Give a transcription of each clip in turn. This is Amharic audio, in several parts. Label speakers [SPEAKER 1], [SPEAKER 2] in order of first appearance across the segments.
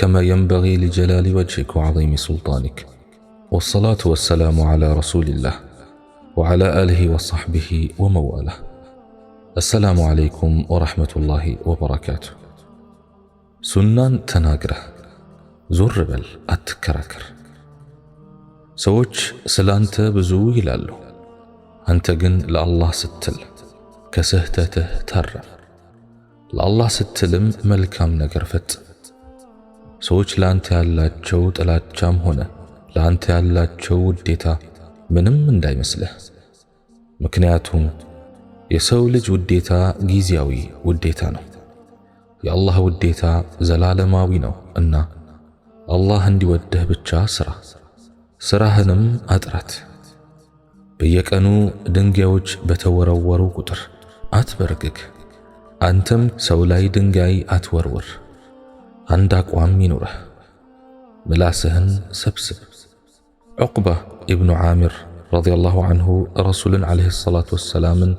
[SPEAKER 1] كما ينبغي لجلال وجهك وعظيم سلطانك والصلاه والسلام على رسول الله وعلى اله وصحبه ومواله السلام عليكم ورحمه الله وبركاته سنان تناقره زربل اتكركر سوج سلانت بزوي لالو انت ይላሉ፣ لالله ستل كسهتته ስትል لالله ستلم ملكام نقرفت ሰዎች ላንተ ያላቸው ጥላቻም ሆነ ላንተ ያላቸው ውዴታ ምንም እንዳይመስልህ። ምክንያቱም የሰው ልጅ ውዴታ ጊዜያዊ ውዴታ ነው። የአላህ ውዴታ ዘላለማዊ ነው እና አላህ እንዲወደህ ብቻ ስራ፣ ስራህንም አጥራት። በየቀኑ ድንጋዮች በተወረወሩ ቁጥር አትበርግግ። አንተም ሰው ላይ ድንጋይ አትወርውር። አንድ አቋም ይኑረህ፣ ምላስህን ሰብስብ። ዑቅባ ኢብኑ ዓሚር ረዲየላሁ ዐንሁ ረሱልን ዓለይሂ ሰላቱ ወሰላምን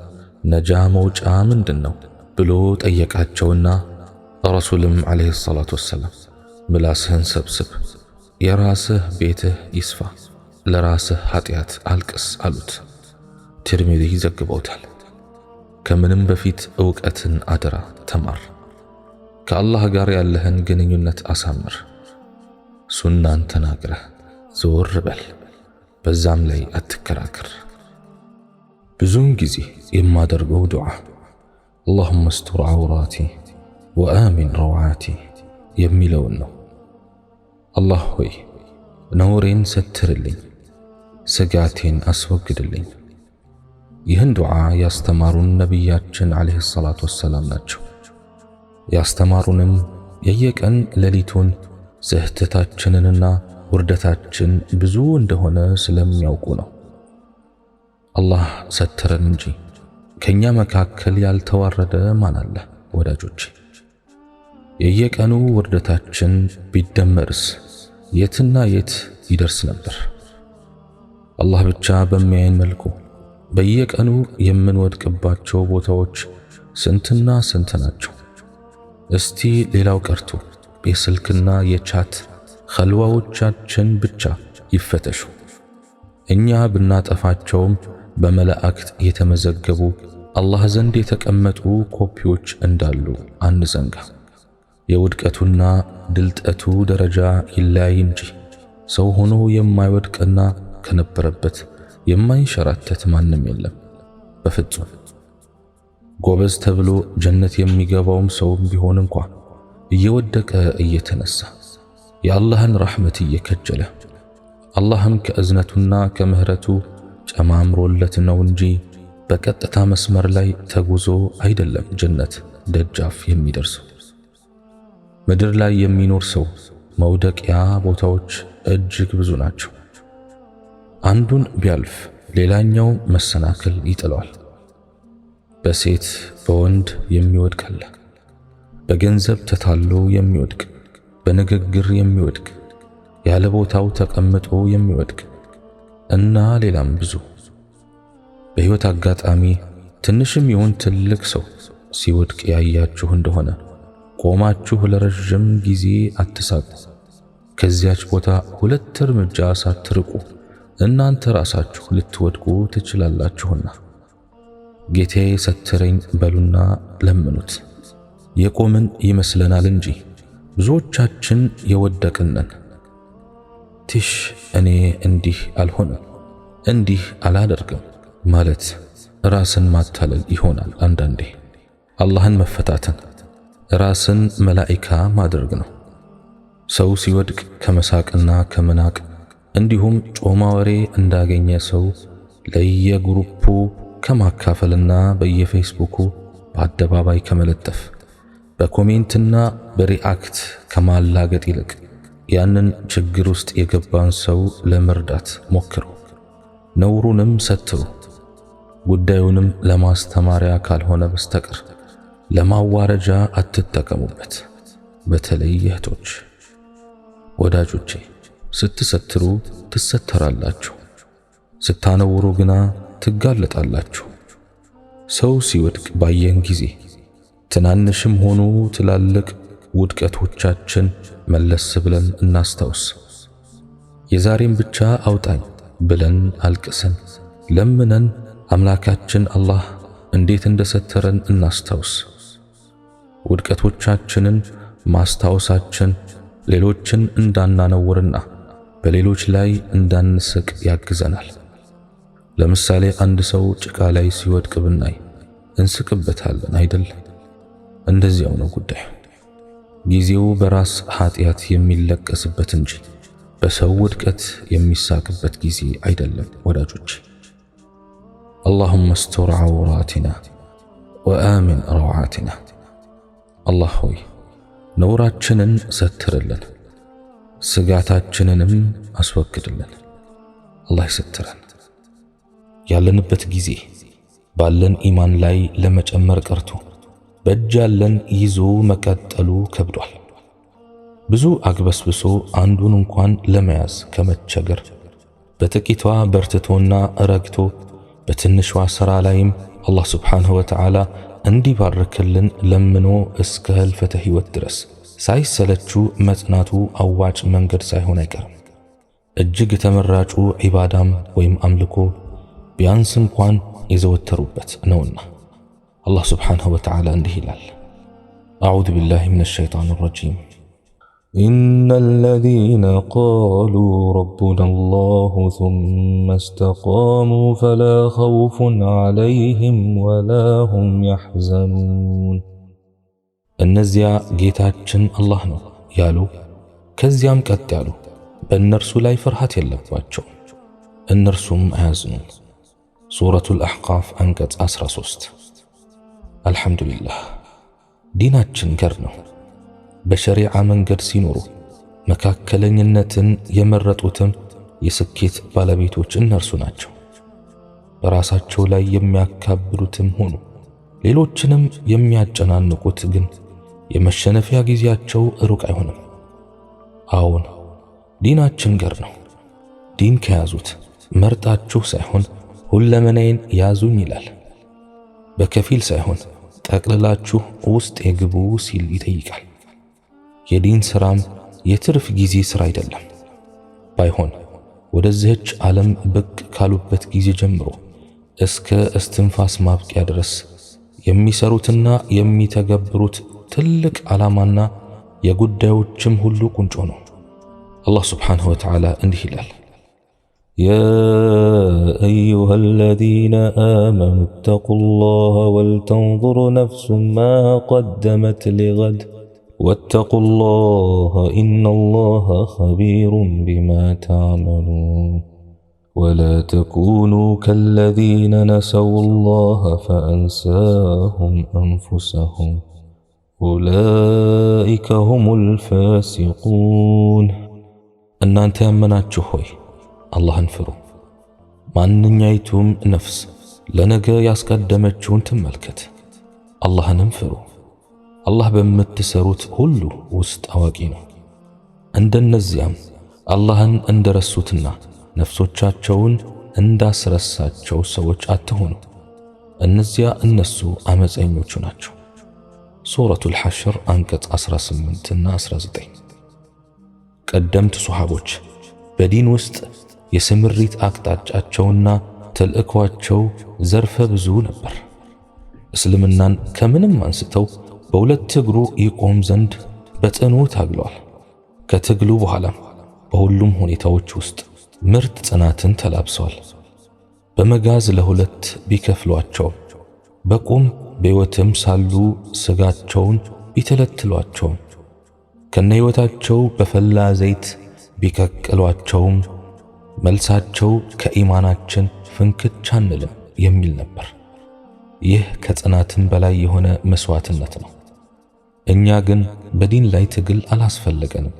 [SPEAKER 1] ነጃ መውጫ ምንድን ነው ብሎ ጠየቃቸውና ረሱልም ዓለይሂ ሰላቱ ወሰላም ምላስህን ሰብስብ፣ የራስህ ቤትህ ይስፋ፣ ለራስህ ኃጢአት አልቅስ አሉት። ቲርሚዚ ዘግበውታል። ከምንም በፊት ዕውቀትን አደራ ተማር። ከአላህ ጋር ያለህን ግንኙነት አሳምር። ሱናን ተናግረህ ዘወር በል፣ በዛም ላይ አትከራከር። ብዙውን ጊዜ የማደርገው ዱዓ አላሁመ ስትር ዐውራቲ ወአሚን ረውዓቲ የሚለውን ነው። አላህ ሆይ ነውሬን ሰትርልኝ፣ ስጋቴን አስወግድልኝ። ይህን ዱዓ ያስተማሩን ነቢያችን ዓለይሂ ሰላቱ ወሰላም ናቸው። ያስተማሩንም የየቀን ሌሊቱን ስህተታችንንና ውርደታችን ብዙ እንደሆነ ስለሚያውቁ ነው። አላህ ሰተረን እንጂ ከኛ መካከል ያልተዋረደ ማን አለ? ወዳጆች የየቀኑ ውርደታችን ቢደመርስ የትና የት ይደርስ ነበር? አላህ ብቻ በሚያይን መልኩ በየቀኑ የምንወድቅባቸው ቦታዎች ስንትና ስንት ናቸው? እስቲ ሌላው ቀርቶ የስልክና የቻት ኸልዋዎቻችን ብቻ ይፈተሹ። እኛ ብናጠፋቸውም በመላእክት የተመዘገቡ አላህ ዘንድ የተቀመጡ ኮፒዎች እንዳሉ አንዘንጋ። የውድቀቱና ድልጠቱ ደረጃ ይለያይ እንጂ ሰው ሆኖ የማይወድቅና ከነበረበት የማይንሸራተት ማንም የለም በፍጹም። ጎበዝ ተብሎ ጀነት የሚገባውም ሰውም ቢሆን እንኳ እየወደቀ እየተነሳ የአላህን ረሕመት እየከጀለ አላህም ከእዝነቱና ከምህረቱ ጨማምሮለት ነው እንጂ በቀጥታ መስመር ላይ ተጉዞ አይደለም ጀነት ደጃፍ የሚደርሰው። ምድር ላይ የሚኖር ሰው መውደቂያ ቦታዎች እጅግ ብዙ ናቸው። አንዱን ቢያልፍ ሌላኛው መሰናክል ይጥለዋል። በሴት በወንድ የሚወድቅ አለ። በገንዘብ ተታሎ የሚወድቅ፣ በንግግር የሚወድቅ፣ ያለ ቦታው ተቀምጦ የሚወድቅ እና ሌላም ብዙ። በሕይወት አጋጣሚ ትንሽም ይሁን ትልቅ ሰው ሲወድቅ ያያችሁ እንደሆነ ቆማችሁ ለረዥም ጊዜ አትሳቁ። ከዚያች ቦታ ሁለት እርምጃ ሳትርቁ እናንተ ራሳችሁ ልትወድቁ ትችላላችሁና። ጌቴ ሰትረኝ በሉና ለምኑት። የቆምን ይመስለናል እንጂ ብዙዎቻችን የወደቅነን። ትሽ እኔ እንዲህ አልሆንም እንዲህ አላደርግም ማለት ራስን ማታለል ይሆናል። አንዳንዴ አላህን መፈታተን ራስን መላኢካ ማድረግ ነው። ሰው ሲወድቅ ከመሳቅና ከመናቅ እንዲሁም ጮማ ወሬ እንዳገኘ ሰው ለየግሩፑ ከማካፈልና በየፌስቡኩ በአደባባይ ከመለጠፍ በኮሜንትና በሪአክት ከማላገጥ ይልቅ ያንን ችግር ውስጥ የገባን ሰው ለመርዳት ሞክሩ። ነውሩንም ሰትሩ። ጉዳዩንም ለማስተማሪያ ካልሆነ በስተቀር ለማዋረጃ አትጠቀሙበት። በተለይ እህቶች፣ ወዳጆቼ ስትሰትሩ ትሰተራላችሁ፣ ስታነውሩ ግና ትጋለጣላችሁ። ሰው ሲወድቅ ባየን ጊዜ ትናንሽም ሆኖ ትላልቅ ውድቀቶቻችን መለስ ብለን እናስታውስ። የዛሬም ብቻ አውጣኝ ብለን አልቅሰን ለምነን አምላካችን አላህ እንዴት እንደሰተረን እናስታውስ። ውድቀቶቻችንን ማስታወሳችን ሌሎችን እንዳናነውርና በሌሎች ላይ እንዳንስቅ ያግዘናል። ለምሳሌ አንድ ሰው ጭቃ ላይ ሲወድቅ ብናይ እንስቅበታለን አይደል? እንደዚያው ነው ጉዳዩ። ጊዜው በራስ ኃጢአት የሚለቀስበት እንጂ በሰው ውድቀት የሚሳቅበት ጊዜ አይደለም ወዳጆች። አላሁመ ስተር ዐውራቲና ወአሚን ረውዓቲና። አላህ ሆይ ነውራችንን ሰትርልን፣ ስጋታችንንም አስወግድልን። አላህ ይሰትረን። ያለንበት ጊዜ ባለን ኢማን ላይ ለመጨመር ቀርቶ በእጅ ያለን ይዞ መቀጠሉ ከብዷል። ብዙ አግበስብሶ አንዱን እንኳን ለመያዝ ከመቸገር በጥቂቷ በርትቶና ረግቶ በትንሿ ሥራ ላይም አላህ ስብሓንሁ ወተዓላ እንዲባርክልን ለምኖ እስከ ህልፈተ ሕይወት ድረስ ሳይሰለቹ መጽናቱ አዋጭ መንገድ ሳይሆን አይቀርም። እጅግ ተመራጩ ዒባዳም ወይም አምልኮ ቢያንስ እንኳን የዘወተሩበት ነውና አላህ ስብሓንሁ ወተዓላ እንዲህ ይላል አዑዙ ቢላሂ ምን ሸይጣን ረጂም إن الذين قالوا ربنا الله ثم استقاموا فلا خوف عليهم ولا هم يحزنون እነዚያ ጌታችን አላህ ነው ያሉ ከዚያም ቀጥ ያሉ በእነርሱ ላይ ፍርሃት የለባቸው እነርሱም አያዝኑም ሱረቱል አሕቃፍ አንቀጽ 13። አልሐምዱሊላህ ዲናችን ገር ነው። በሸሪዓ መንገድ ሲኖሩ መካከለኝነትን የመረጡትም የስኬት ባለቤቶች እነርሱ ናቸው። በራሳቸው ላይ የሚያካብዱትም ሆኑ ሌሎችንም የሚያጨናንቁት ግን የመሸነፊያ ጊዜያቸው ሩቅ አይሆንም። አዎን ዲናችን ገር ነው። ዲን ከያዙት መርጣችሁ ሳይሆን ሁለመናዬን ያዙኝ ይላል። በከፊል ሳይሆን ጠቅልላችሁ ውስጥ የግቡ ሲል ይጠይቃል። የዲን ስራም የትርፍ ጊዜ ስራ አይደለም። ባይሆን ወደዚህች ዓለም ብቅ ካሉበት ጊዜ ጀምሮ እስከ እስትንፋስ ማብቂያ ድረስ የሚሰሩትና የሚተገብሩት ትልቅ ዓላማና የጉዳዮችም ሁሉ ቁንጮ ነው። አላህ ስብሓንሁ ወተዓላ እንዲህ ይላል يا أيها الذين آمنوا اتقوا الله ولتنظر نفس ما قدمت لغد واتقوا الله إن الله خبير بما تعملون ولا تكونوا كالذين نسوا الله فأنساهم أنفسهم أولئك هم الفاسقون እናንተ ያመናችሁ ሆይ አላህን ፍሩ። ማንኛይቱም ነፍስ ለነገ ያስቀደመችውን ትመልከት። አላህንም ፍሩ። አላህ በምትሰሩት ሁሉ ውስጥ አዋቂ ነው። እንደነዚያም አላህን እንደረሱትና ነፍሶቻቸውን እንዳስረሳቸው ሰዎች አትሆኑ። እነዚያ እነሱ አመፀኞቹ ናቸው። ሱረቱል ሐሽር አንቀጽ 18 እና 19። ቀደምት ሱሐቦች በዲን ውስጥ የስምሪት አቅጣጫቸውና ተልእኳቸው ዘርፈ ብዙ ነበር። እስልምናን ከምንም አንስተው በሁለት እግሩ ይቆም ዘንድ በጥኑ ታግሏል። ከትግሉ በኋላም በሁሉም ሁኔታዎች ውስጥ ምርጥ ጽናትን ተላብሰዋል። በመጋዝ ለሁለት ቢከፍሏቸው በቁም በሕይወትም ሳሉ ስጋቸውን ቢተለትሏቸውም ከነ ሕይወታቸው በፈላ ዘይት ቢቀቅሏቸውም መልሳቸው ከኢማናችን ፍንክች አንልም የሚል ነበር። ይህ ከጽናትም በላይ የሆነ መስዋዕትነት ነው። እኛ ግን በዲን ላይ ትግል አላስፈለገንም፣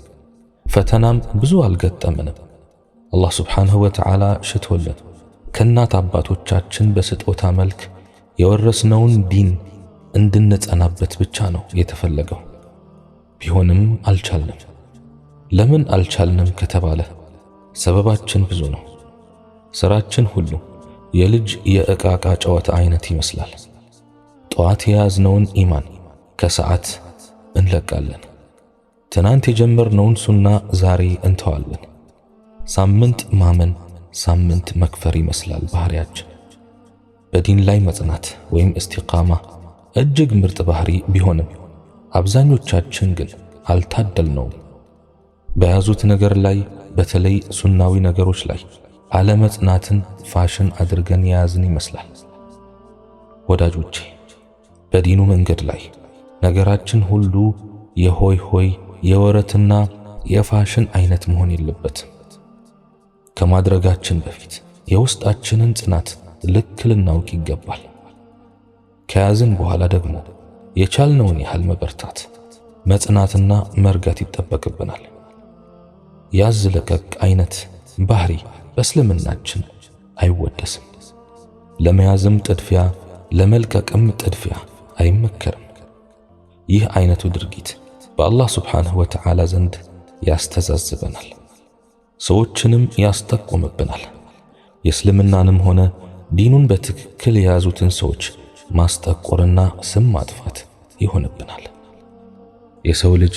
[SPEAKER 1] ፈተናም ብዙ አልገጠመንም። አላህ ስብሓንሁ ወተዓላ ሽቶልን ከእናት አባቶቻችን በስጦታ መልክ የወረስነውን ዲን እንድንጸናበት ብቻ ነው የተፈለገው። ቢሆንም አልቻልንም። ለምን አልቻልንም ከተባለ ሰበባችን ብዙ ነው። ሥራችን ሁሉ የልጅ የእቃቃ ዕቃ ጨዋታ አይነት ይመስላል። ጠዋት የያዝነውን ኢማን ከሰዓት እንለቃለን። ትናንት የጀመርነውን ሱና ዛሬ እንተዋለን። ሳምንት ማመን ሳምንት መክፈር ይመስላል ባህሪያችን። በዲን ላይ መጽናት ወይም እስቲቃማ እጅግ ምርጥ ባህሪ ቢሆንም አብዛኞቻችን ግን አልታደልነውም። በያዙት ነገር ላይ በተለይ ሱናዊ ነገሮች ላይ አለመጽናትን ፋሽን አድርገን የያዝን ይመስላል። ወዳጆቼ በዲኑ መንገድ ላይ ነገራችን ሁሉ የሆይ ሆይ የወረትና የፋሽን አይነት መሆን የለበትም። ከማድረጋችን በፊት የውስጣችንን ጽናት ልክ ልናውቅ ይገባል። ከያዝን በኋላ ደግሞ የቻልነውን ያህል መበርታት መጽናትና መርጋት ይጠበቅብናል። ያዝ ለቀቅ አይነት ባህሪ በእስልምናችን አይወደስም። ለመያዝም ጥድፊያ ለመልቀቅም ጥድፊያ አይመከርም። ይህ አይነቱ ድርጊት በአላህ ስብሓንሁ ወተዓላ ዘንድ ያስተዛዝበናል፣ ሰዎችንም ያስጠቁምብናል። የእስልምናንም ሆነ ዲኑን በትክክል የያዙትን ሰዎች ማስጠቆርና ስም ማጥፋት ይሆንብናል። የሰው ልጅ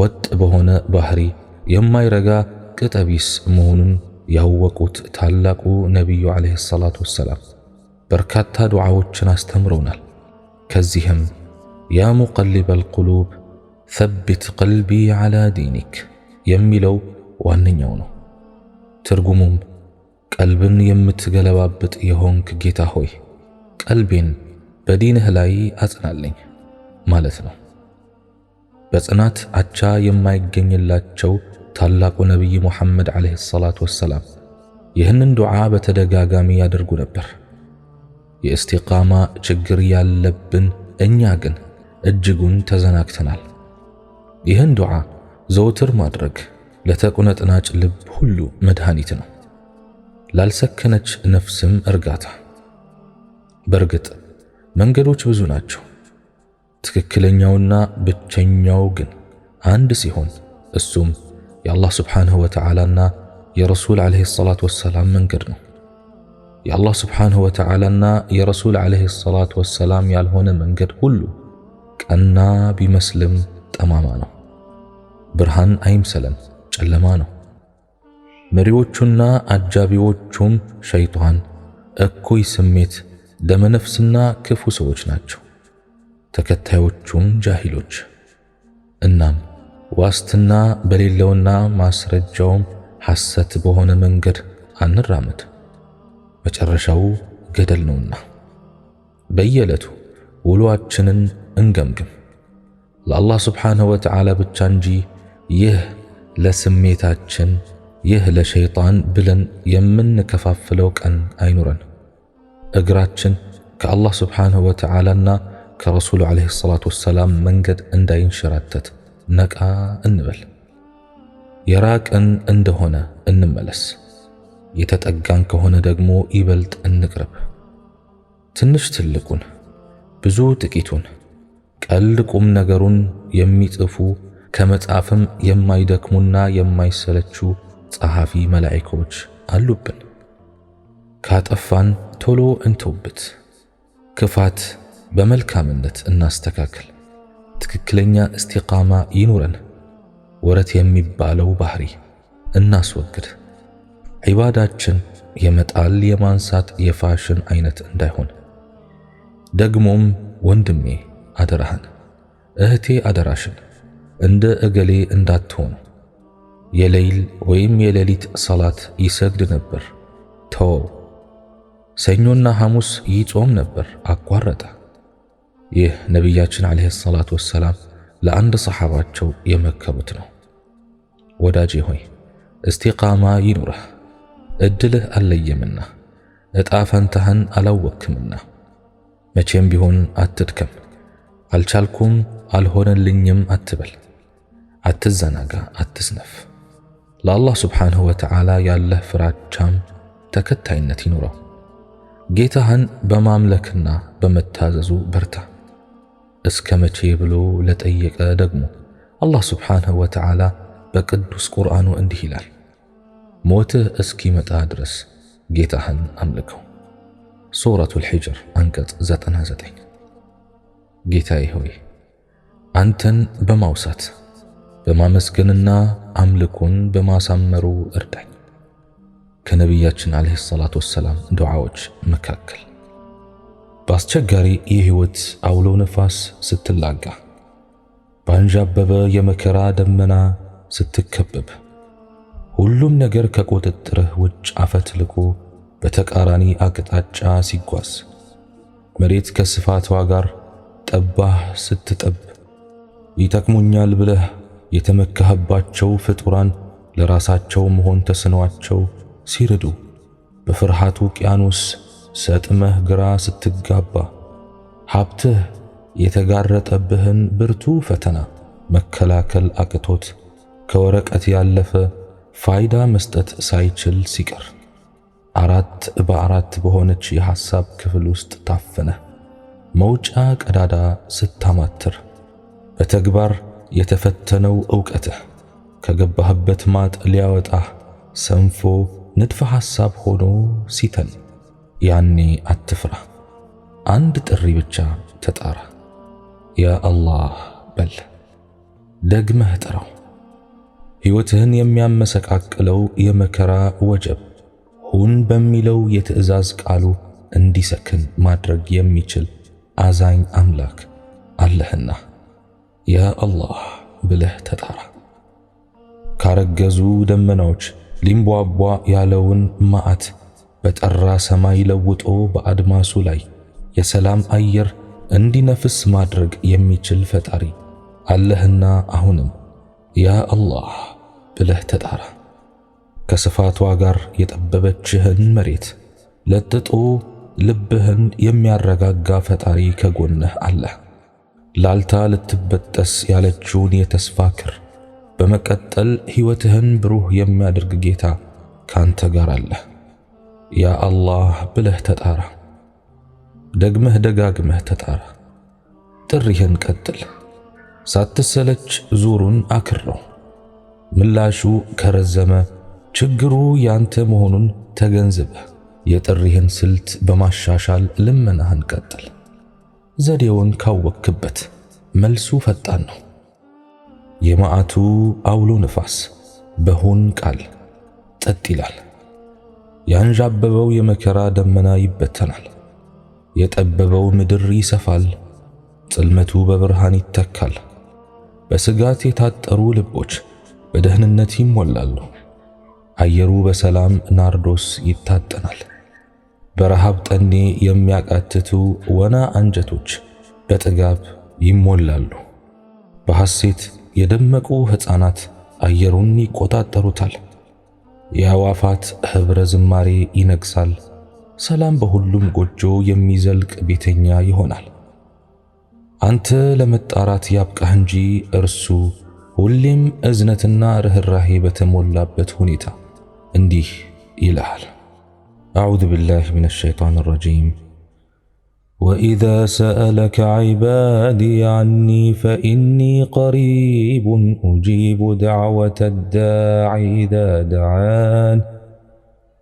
[SPEAKER 1] ወጥ በሆነ ባህሪ የማይረጋ ቅጠቢስ መሆኑን ያወቁት ታላቁ ነቢዩ ዓለይሂ ሰላቱ ወሰላም በርካታ ዱዓዎችን አስተምረውናል። ከዚህም ያ ሙቀሊበል ቁሉብ ሰቢት ቀልቢ على دينك የሚለው ዋነኛው ነው። ትርጉሙም ቀልብን የምትገለባብጥ የሆንክ ጌታ ሆይ ቀልቤን በዲንህ ላይ አጽናለኝ ማለት ነው። በጽናት አቻ የማይገኝላቸው ታላቁ ነቢይ ሙሐመድ ዓለይሂ ሰላቱ ወሰላም ይህንን ዱዓ በተደጋጋሚ ያደርጉ ነበር። የእስቲቃማ ችግር ያለብን እኛ ግን እጅጉን ተዘናግተናል። ይህን ዱዓ ዘውትር ማድረግ ለተቁነጥናጭ ልብ ሁሉ መድኃኒት ነው፣ ላልሰከነች ነፍስም እርጋታ። በእርግጥ መንገዶች ብዙ ናቸው። ትክክለኛውና ብቸኛው ግን አንድ ሲሆን እሱም የአላህ ስብሓንሁ ወተዓላና የረሱል ዓለይሂ ሰላት ወሰላም መንገድ ነው። የአላህ ስብሓንሁ ወተዓላና የረሱል ዓለይሂ ሰላት ወሰላም ያልሆነ መንገድ ሁሉ ቀና ቢመስልም ጠማማ ነው። ብርሃን አይምሰለን፣ ጨለማ ነው። መሪዎቹና አጃቢዎቹም ሸይጧን፣ እኩይ ስሜት፣ ደመነፍስና ክፉ ሰዎች ናቸው። ተከታዮቹም ጃሂሎች እናም ዋስትና በሌለውና ማስረጃውም ሐሰት በሆነ መንገድ አንራመድ፣ መጨረሻው ገደል ነውና። በየዕለቱ ውሎአችንን እንገምግም ለአላህ ስብሓንሁ ወተዓላ ብቻ እንጂ ይህ ለስሜታችን ይህ ለሸይጣን ብለን የምንከፋፍለው ቀን አይኑረን። እግራችን ከአላህ ስብሓንሁ ወተዓላና ከረሱሉ ዓለይሂ ሰላቱ ወሰላም መንገድ እንዳይንሸራተት ነቃ እንበል። የራቅን እንደሆነ እንመለስ፣ የተጠጋን ከሆነ ደግሞ ይበልጥ እንቅረብ። ትንሽ ትልቁን፣ ብዙ ጥቂቱን፣ ቀልድ ቁም ነገሩን የሚጽፉ ከመጻፍም የማይደክሙና የማይሰለቹ ጸሐፊ መላእክቶች አሉብን። ካጠፋን ቶሎ እንተውበት፣ ክፋት በመልካምነት እናስተካክል። ትክክለኛ እስቲቃማ ይኑረን። ወረት የሚባለው ባህሪ እናስወግድ። ዒባዳችን የመጣል የማንሳት የፋሽን አይነት እንዳይሆን። ደግሞም ወንድሜ አደራህን፣ እህቴ አደራሽን እንደ እገሌ እንዳትሆኑ። የሌይል ወይም የሌሊት ሰላት ይሰግድ ነበር፣ ተወው። ሰኞና ሐሙስ ይጾም ነበር፣ አቋረጠ። ይህ ነቢያችን ዓለይሂ ሰላቱ ወሰላም ለአንድ ሰሓባቸው የመከሩት ነው። ወዳጄ ሆይ እስቲቃማ ይኑረህ፣ እድልህ አለየምና እጣ ፈንታህን አላወክምና መቼም ቢሆን አትድከም። አልቻልኩም አልሆነልኝም አትበል። አትዘናጋ፣ አትስነፍ። ለአላህ ስብሓንሁ ወተዓላ ያለህ ፍራቻም ተከታይነት ይኑረው። ጌታህን በማምለክና በመታዘዙ በርታ። እስከ መቼ ብሎ ለጠየቀ ደግሞ አላህ ስብሓንሁ ወተዓላ በቅዱስ ቁርአኑ እንዲህ ይላል፣ ሞትህ እስኪመጣ ድረስ ጌታህን አምልከው። ሱረቱል ሒጅር አንቀጽ 99። ጌታዬ ሆይ አንተን በማውሳት በማመስገንና አምልኮን በማሳመሩ እርዳኝ። ከነቢያችን ዓለይሂ ሰላቱ ወሰላም ዱዓዎች መካከል በአስቸጋሪ የሕይወት አውሎ ነፋስ ስትላጋ፣ ባንዣበበ የመከራ ደመና ስትከበብ፣ ሁሉም ነገር ከቁጥጥርህ ውጭ አፈትልኮ በተቃራኒ አቅጣጫ ሲጓዝ፣ መሬት ከስፋቷ ጋር ጠባህ ስትጠብ፣ ይጠቅሙኛል ብለህ የተመካህባቸው ፍጡራን ለራሳቸው መሆን ተስኗቸው ሲርዱ በፍርሃት ውቅያኖስ ሰጥመህ ግራ ስትጋባ ሀብትህ የተጋረጠብህን ብርቱ ፈተና መከላከል አቅቶት ከወረቀት ያለፈ ፋይዳ መስጠት ሳይችል ሲቀር አራት በአራት በሆነች የሐሳብ ክፍል ውስጥ ታፍነህ! መውጫ ቀዳዳ ስታማትር በተግባር የተፈተነው ዕውቀትህ ከገባህበት ማጥ ሊያወጣህ ሰንፎ ንድፈ ሐሳብ ሆኖ ሲተን ያኔ አትፍራ፣ አንድ ጥሪ ብቻ ተጣራ። ያ አላህ በል ደግመህ ጥራው። ሕይወትህን የሚያመሰቃቅለው የመከራ ወጀብ ሁን በሚለው የትዕዛዝ ቃሉ እንዲሰክን ማድረግ የሚችል አዛኝ አምላክ አለህና ያ አላህ ብለህ ተጣራ። ካረገዙ ደመናዎች ሊምቧቧ ያለውን መዓት በጠራ ሰማይ ለውጦ በአድማሱ ላይ የሰላም አየር እንዲነፍስ ማድረግ የሚችል ፈጣሪ አለህና አሁንም ያ አላህ ብለህ ተጣራ። ከስፋቷ ጋር የጠበበችህን መሬት ለጥጦ ልብህን የሚያረጋጋ ፈጣሪ ከጎንህ አለህ። ላልታ ልትበጠስ ያለችውን የተስፋ ክር በመቀጠል ሕይወትህን ብሩህ የሚያደርግ ጌታ ካንተ ጋር አለህ። ያ አላህ ብለህ ተጣራ፣ ደግመህ ደጋግመህ ተጣራ። ጥሪህን ቀጥል፣ ሳትሰለች ዙሩን አክረው። ምላሹ ከረዘመ ችግሩ ያንተ መሆኑን ተገንዝበህ የጥሪህን ስልት በማሻሻል ልመናህን ቀጥል። ዘዴውን ካወክበት መልሱ ፈጣን ነው። የመዓቱ አውሎ ንፋስ በሁን ቃል ጠጥ ይላል። ያንዣበበው የመከራ ደመና ይበተናል። የጠበበው ምድር ይሰፋል፣ ጽልመቱ በብርሃን ይተካል። በስጋት የታጠሩ ልቦች በደህንነት ይሞላሉ። አየሩ በሰላም ናርዶስ ይታጠናል። በረሃብ ጠኔ የሚያቃትቱ ወና አንጀቶች በጥጋብ ይሞላሉ። በሐሴት የደመቁ ሕፃናት አየሩን ይቆጣጠሩታል። የአዕዋፋት ኅብረ ዝማሬ ይነግሣል። ሰላም በሁሉም ጎጆ የሚዘልቅ ቤተኛ ይሆናል። አንተ ለመጣራት ያብቃህ እንጂ እርሱ ሁሌም እዝነትና ርኅራሄ በተሞላበት ሁኔታ እንዲህ ይልሃል። አዑዙ ቢላሂ ሚነ ሸይጣን ረጂም واذا سالك عبادي عني فاني قريب اجيب دعوه الداع اذا دعان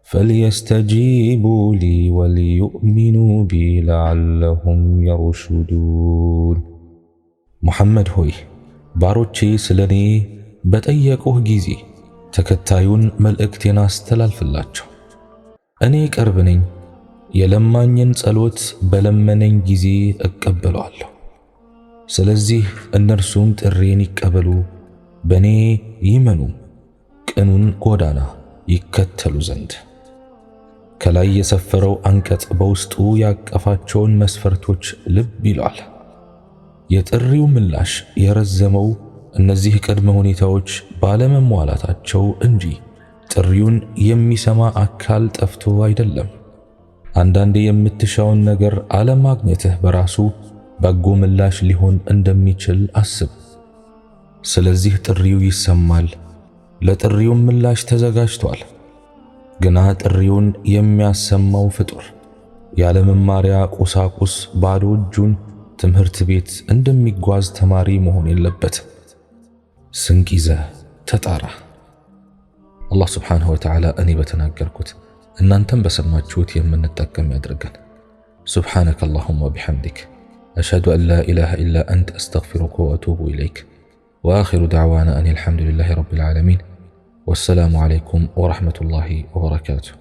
[SPEAKER 1] فليستجيبوا لي وليؤمنوا بي لعلهم يرشدون محمد ሆይ ባሮቼ ስለኔ በጠየቁህ ጊዜ ተከታዩን መልእክቴን አስተላልፍላቸው እኔ ቅርብ ነኝ የለማኝን ጸሎት በለመነኝ ጊዜ እቀበለዋለሁ። ስለዚህ እነርሱም ጥሬን ይቀበሉ፣ በእኔ ይመኑ፣ ቅኑን ጎዳና ይከተሉ ዘንድ። ከላይ የሰፈረው አንቀጽ በውስጡ ያቀፋቸውን መስፈርቶች ልብ ይሏል። የጥሪው ምላሽ የረዘመው እነዚህ ቅድመ ሁኔታዎች ባለመሟላታቸው እንጂ ጥሪውን የሚሰማ አካል ጠፍቶ አይደለም። አንዳንዴ የምትሻውን ነገር አለማግኘትህ በራሱ በጎ ምላሽ ሊሆን እንደሚችል አስብ። ስለዚህ ጥሪው ይሰማል፣ ለጥሪውም ምላሽ ተዘጋጅቷል። ግና ጥሪውን የሚያሰማው ፍጡር ያለ መማሪያ ቁሳቁስ ባዶ እጁን ትምህርት ቤት እንደሚጓዝ ተማሪ መሆን የለበትም። ስንቅ ይዘህ ተጣራ። አላህ ስብሓንሁ ወተዓላ እኔ በተናገርኩት እናንተም በሰማችሁት የምንጠቀም ያድርገን። ሱብሓነከ አላሁመ ወቢሐምዲክ አሽሀዱ አን ላ ኢላሃ ኢላ አንተ አስተግፊሩከ ወአቱቡ ኢለይክ ወአኺሩ ደዕዋና አን አልሐምዱሊላሂ ረቢል ዓለሚን ወሰላሙ ዓለይኩም ወረሕመቱላሂ ወበረካቱሁ።